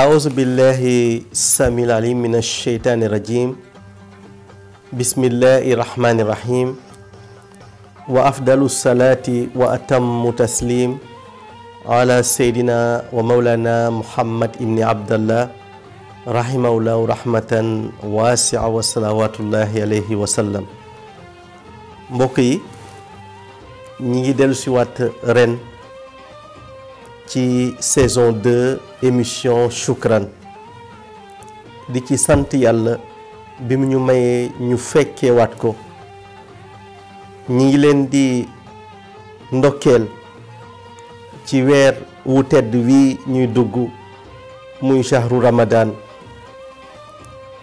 أعوذ بالله السميع العليم من الشيطان الرجيم بسم الله الرحمن الرحيم وأفضل الصلاة وأتم تسليم على سيدنا ومولانا محمد بن عبد الله رحمه الله رحمة واسعة وصلوات الله عليه وسلم mbokk yi ñi ngi dellu si waat ren ci saison 2 émission Shukran di ci sant yàlla bi mu ñu mayee ñu fekkeewaat ko ñi leen di ndokkeel ci weer wu tedd wi ñuy dugg muy shahru ramadan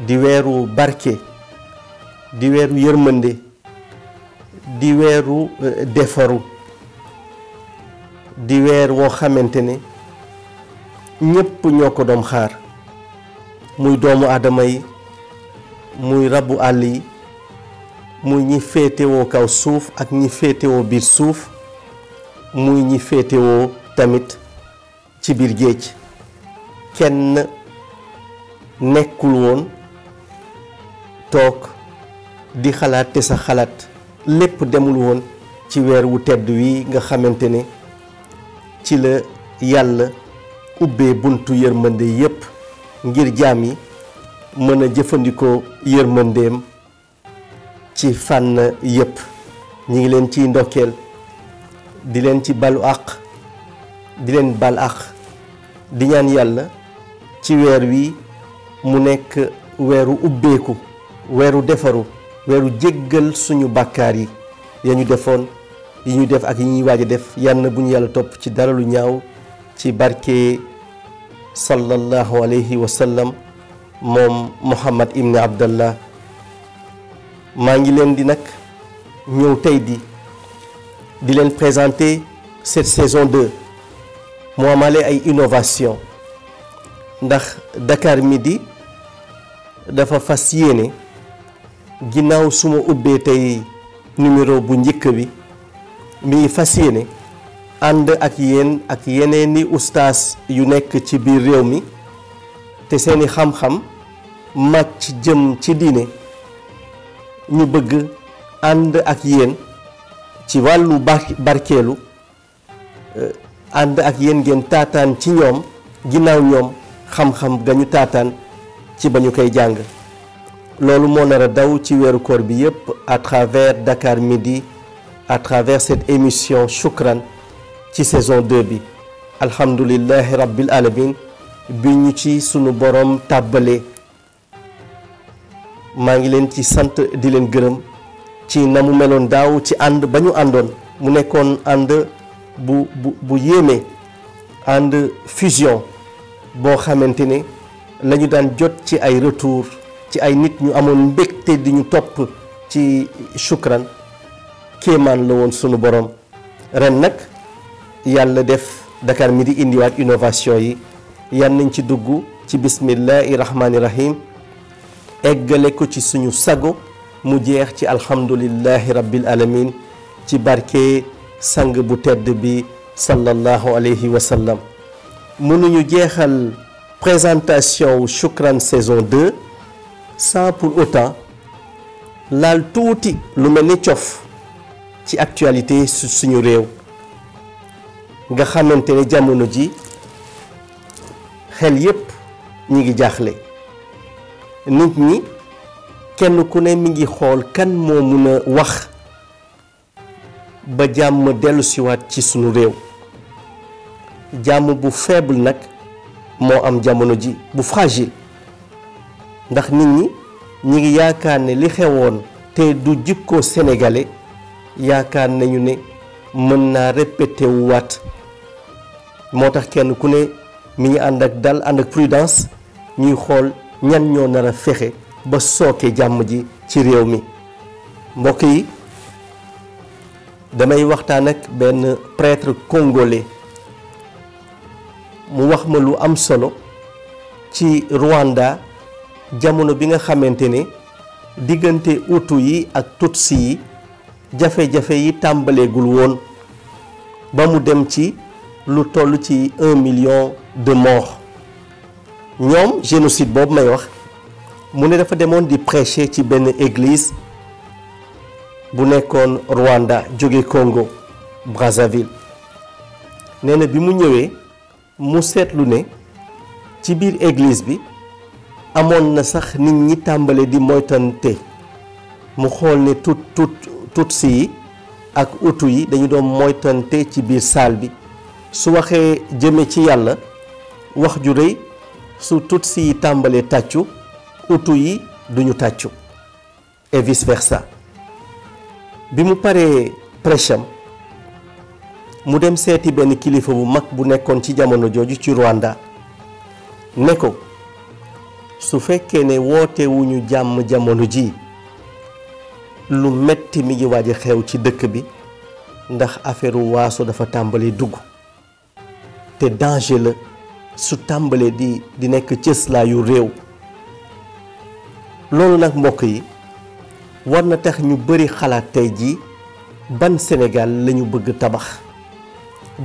di weeru barke di weeru yërmande di weeru euh, defaru di weer woo xamante ne ñépp ñoo ko doom xaar muy doomu aadama yi muy rabu àll yi mu ñi féetewoo kaw suuf ak ñi féetewoo biir suuf muy ñi féetewoo tamit ci biir géej kenn nekkul woon toog di xalaat te sa xalaat lépp demul woon ci weer wu tedd wi nga xamante ne ci la yàlla ubbee buntu yërmande yépp ngir jaam yi mën a jëfandikoo yërmandeem ci fànn yépp ñi ngi leen ciy ndokkeel di leen ci balu àq di leen bal àq di ñaan yàlla ci weer wi mu nekk weeru ubbeeku weeru defaru weeru jéggal sunu bàkkaar yi ya ñu defoon yi ñu def ak yi ñuy waaj def yal bu ñu yàlla topp ci dara lu ñaaw ci barke sallallahu alayhi wa sallam moom Mouhamad Ibn Abdallah maa ngi leen di nag ñëw tey di di leen présenter cette saison 2 mu amaale ay innovation ndax dakaar mi di dafa fas yéene ginnaaw suma ubbee tey numéro bu njëkk bi. mi fas yéene ànd ak yéen ak yeneeni ustaas yu nekk ci biir réew mi te seeni xam-xam màcc jëm ci diine ñu bëgg ànd ak yéen ci wàllu barkeelu euh, ànd ak yéen ngeen taataan ci ñoom ginnaaw ñoom xam-xam ga ñu taataan ci ba ñu koy jàng loolu moo nar daw ci weeru koor bi yépp à travers Dakar Midi à travers cette émission Shukran ci saison 2 bi alhamdulillahi rabbil alamin bi ñu ci sunu borom tàbbalee maa ngi leen ci sant di leen gërëm ci na mu meloon daaw ci ànd ba ñu àndoon mu nekkoon ànd bu bu bu yéeme ànd fusion boo xamante ne la daan jot ci ay retour ci ay nit ñu amoon mbégte di ñu topp ci Shukran kéemaan la woon sunu borom ren nag yàlla def Dakar mi di indiwaat innovation yi yan nañ ci dugg ci bismillahi rahmaani rahim eggale ko ci suñu sago mu jeex ci alhamdulillahi rabbil alamin ci barke sang bu tedd bi sallallahu alayhi wa sallam mënuñu jeexal présentation wu Shukran saison 2 sans pour autant laal tuuti lu mel ni cof ci actualité su suñu réew nga xamante ne jamono ji xel yépp ñi ngi jaaxle nit ñi kenn ku ne mi ngi xool kan moo mën a wax ba jàmm dellusiwaat ci suñu réew jàmm bu faible nag moo am jamono ji bu fragile ndax nit ñi ñi ngi yaakaar ne li xewoon te du jikkoo sénégalais yaakaar nañu ne mën naa répété wu waat moo tax kenn ku ne mi ngi ànd ak dal ànd ak prudence ñuy xool ñan ñoo nar a fexe ba sooke jàmm ji ci réew mi mbokk yi damay waxtaan ak benn prêtre congolais mu wax ma lu am solo ci Rwanda jamono bi nga xamante ne diggante Hutu yi ak Tutsi yi jafe-jafe yi tàmbaleegul woon ba mu dem ci lu toll ci million de morts ñoom génocide boobu may wax mu ne dafa demoon di prêcher ci benn église bu nekkoon Rwanda jóge kongo Brazzaville nee na bi mu ñëwee mu seetlu ne ci biir église bi amoon na sax nit ñi tàmbalee di moytante mu xool ne tut tut tutsi yi ak utu yi dañu doon moytante ci biir saal bi su waxee jëme ci yàlla wax ju rëy su tutsi yi tàmbalee tàccu utu yi duñu tàccu et versa bi mu paree prêche mu dem seeti benn kilifa bu mag bu nekkoon ci jamono jooju ci Rwanda ne ko su fekkee ne woote wuñu jàmm jamono ji lu metti mi ngi waaj xew ci dëkk bi ndax affaire waaso dafa tàmbali dugg te danger la su tàmbalee di di nekk yu réew loolu nag mbokk yi war na tax ñu bari xalaat tey jii ban Sénégal lañu bëgg tabax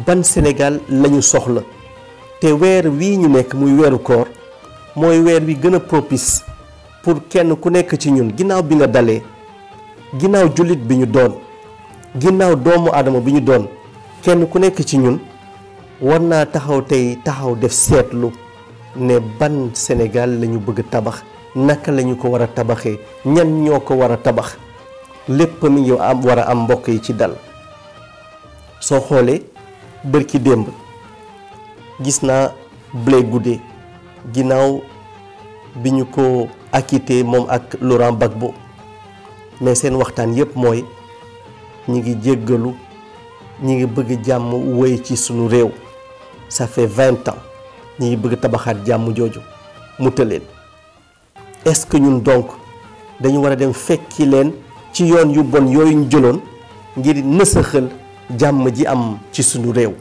ban Sénégal lañu soxla te weer wii ñu nekk muy weeru koor mooy weer wi gën a propice pour kenn ku nekk ci ñun ginnaaw bi nga dalee ginnaaw jullit bi ñu doon ginnaaw doomu aadama bi ñu doon kenn ku nekk ci ñun war naa taxaw tey taxaw def seetlu ne ban Sénégal lañu ñu bëgg tabax naka lañu ko war a tabaxee ñan ñoo ko war a tabax lépp mi ngi am war a am mbokk yi ci dal soo xoolee bërki démb gis naa Blé Goudé ginnaaw bi ñu ko acquitté moom ak Laurent bo mais seen waxtaan yépp mooy ñi ngi jéggalu ñi ngi bëgg jàmm wéy ci sunu réew ça fait vingt ans ñi ngi bëgg tabaxaat jàmm jooju mu tëleen est-ce que ñun donc dañu war a dem fekki leen ci yoon yu bon yooyu ñu jëloon ngir nësaxal jàmm ji am ci sunu réew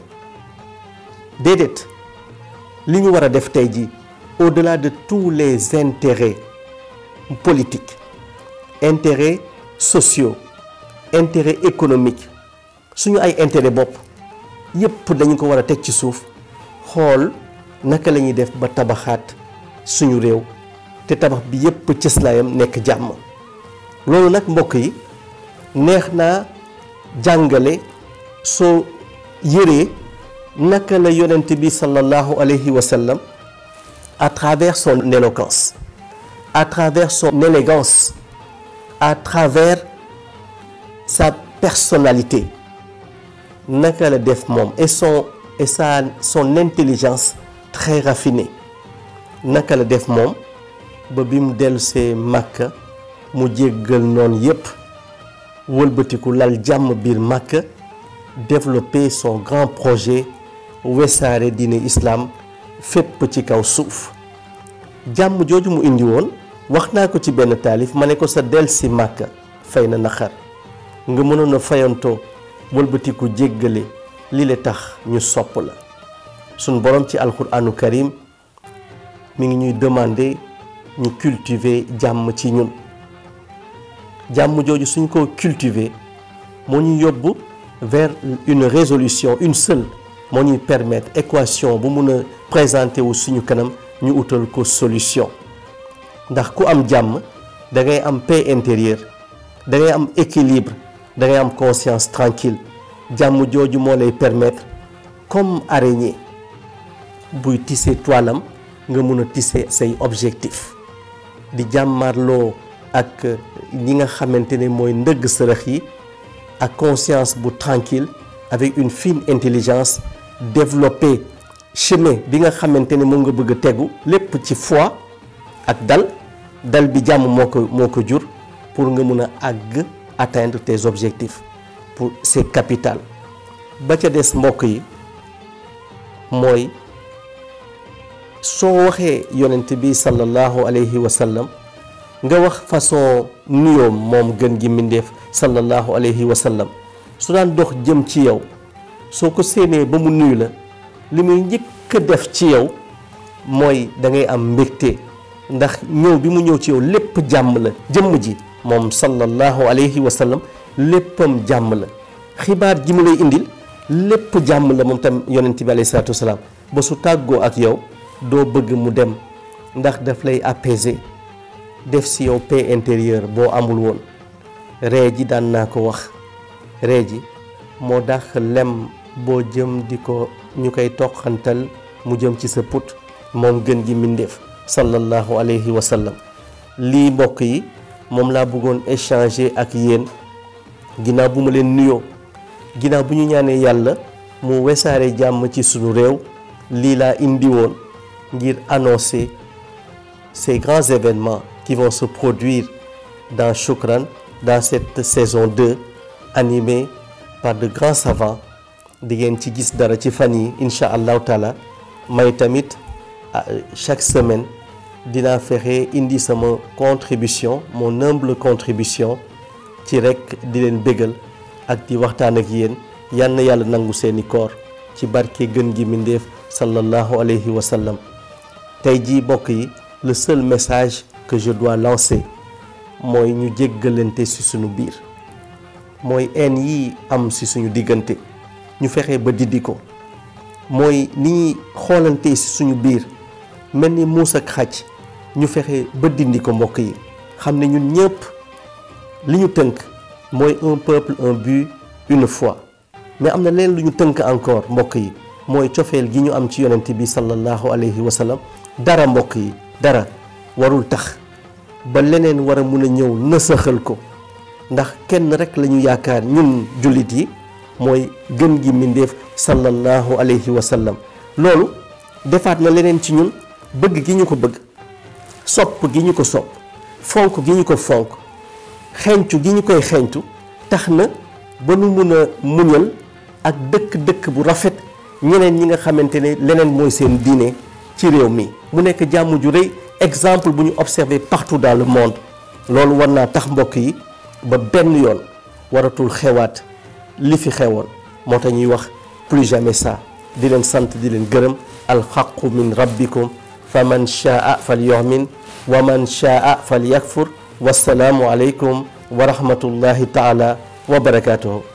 déedéet li ñu war a def tey ji au-delà de tous les intérêts politiques intérêts sociaux intérêt économique suñu ay intérêt bopp yépp dañu ko war a teg ci suuf xool naka la ñuy def ba tabaxaat suñu réew te tabax bi yépp cëslaayam nekk jàmm loolu nag mbokk yi neex naa jàngale soo yëree naka la yonent bi sallallahu alayhi wa sallam à travers son éloquence à travers son élégance à travers sa personnalité naka la def moom et son et sa intelligence très raffinée naka la def moom ba bi mu dellusee Makka mu jéggal noonu yépp wëlbatiku lal jàmm biir Makka développer son grand projet wesaare diine islam fépp ci kaw suuf jàmm jooju mu indi woon wax naa ko ci benn taalif ma ne ko sa del si màkka fay na naqar nga mënoon a fayantoo wëlbatiku jéggale lii le tax ñu sopp la suñ borom ci alxuraanu karim mi ngi ñuy demander ñu cultiver jàmm ci ñun jàmm jooju suñ ko cultiver moo ñu yóbbu vers une résolution une seule moo ñuy permettre équation bu mun a présenter wu suñu kanam ñu wutal ko solution ndax ku am jàmm da ngay am paix intérieure da ngay am équilibre da ngay am conscience tranquille jàmm jooju moo lay permettre comme araignée buy tisser toile nga mun a tisser say objectif di jàmmarloo ak ñi nga xamante ne mooy ndëgg sërëx yi ak conscience bu tranquille avec une fine intelligence développer chemin bi nga xamante ne moom nga bëgg a tegu lépp ci foi ak dal dal bi jàmm moo ko moo ko jur pour nga mun a àgg atteindre tes objectifs pour c'est capital ba ca des mbokk yi mooy soo waxee yonent bi sallallahu alayhi wa sallam nga wax façon nuyoom moom gën gi mbindeef sallallahu alayhi wa sallam su daan dox jëm ci yow soo ko séenee ba mu nuyu la li muy njëkk a def ci yow mooy dangay am mbégte ndax ñëw bi mu ñëw ci yow lépp jàmm la jëmm ji moom sallallahu alayhi wa sallam léppam jàmm la xibaar ji mu lay indil lépp jàmm la moom tam yonent bi alayhi salaatu wasalaam ba su tàggoo ak yow doo bëgg mu dem ndax daf lay apaiser def si yow paix intérieure boo amul woon ree ji daan naa ko wax ree ji moo dàq lem boo jëm di ko ñu koy toqantal mu jëm ci sa put moom gën gi mbindéef sallallahu alayhi wa sallam lii mbokk yi moom laa bëggoon échanger ak yéen ginnaaw bu ma leen nuyoo ginnaaw bu ñu ñaanee yàlla mu wesaare jàmm ci sunu réew lii laa indi woon ngir annoncer ces grands événements qui vont se produire dans Shukran dans cette saison 2 animée par de grands savants di ngeen ci gis dara ci fan yi incha allahu taala may tamit ah, chaque semaine dinaa fexe indi sama contribution moo humble contribution ci rekk di leen bégal ak di waxtaan ak yéen yal na yàlla nangu seeni koor ci barke gën gi mbindéef sallallahu alayhi wa sallam tey jii bokk yi la seul message que je dois lancer mooy ñu jéggalante si suñu biir mooy haine yi am si suñu diggante ñu fexe ba diddi ko mooy ni xoolante si suñu biir mel ni muus ak xaj ñu fexe ba dindi ko mbokk yi xam ne ñun ñëpp li ñu tënk mooy un peuple un but une foi mais am na leen lu ñu tënk encore mbokk yi mooy cofeel gi ñu am ci yonent bi sallallahu alayhi wa sallam dara mbokk yi dara warul tax ba leneen war a mun a ñëw nësaxal ko ndax kenn rek la ñu yaakaar ñun jullit yi mooy gën gi mbindéef sallallahu alayhi wa loolu defaat na leneen ci ñun bëgg gi ñu ko bëgg sopp gi ñu ko sopp fonk gi ñu ko fonk xeeñtu gi ñu koy xeeñtu tax na ba nu mun muñal ak dëkk-dëkk bu rafet ñeneen ñi nga xamante ne leneen mooy seen diine ci réew mi mu nekk jàmm ju rëy exemple bu ñu observé partout dans le monde loolu war naa tax mbokk yi ba benn yoon waratul xewaat li fi xewoon moo tax ñuy wax plus jamais ça di leen sant di leen gërëm alxaqu min rabbikum fa man shaa falyu'min wa man shaa falyakfur wassalaamu aleykum wa rahmatullahi taala wa barakaatuhu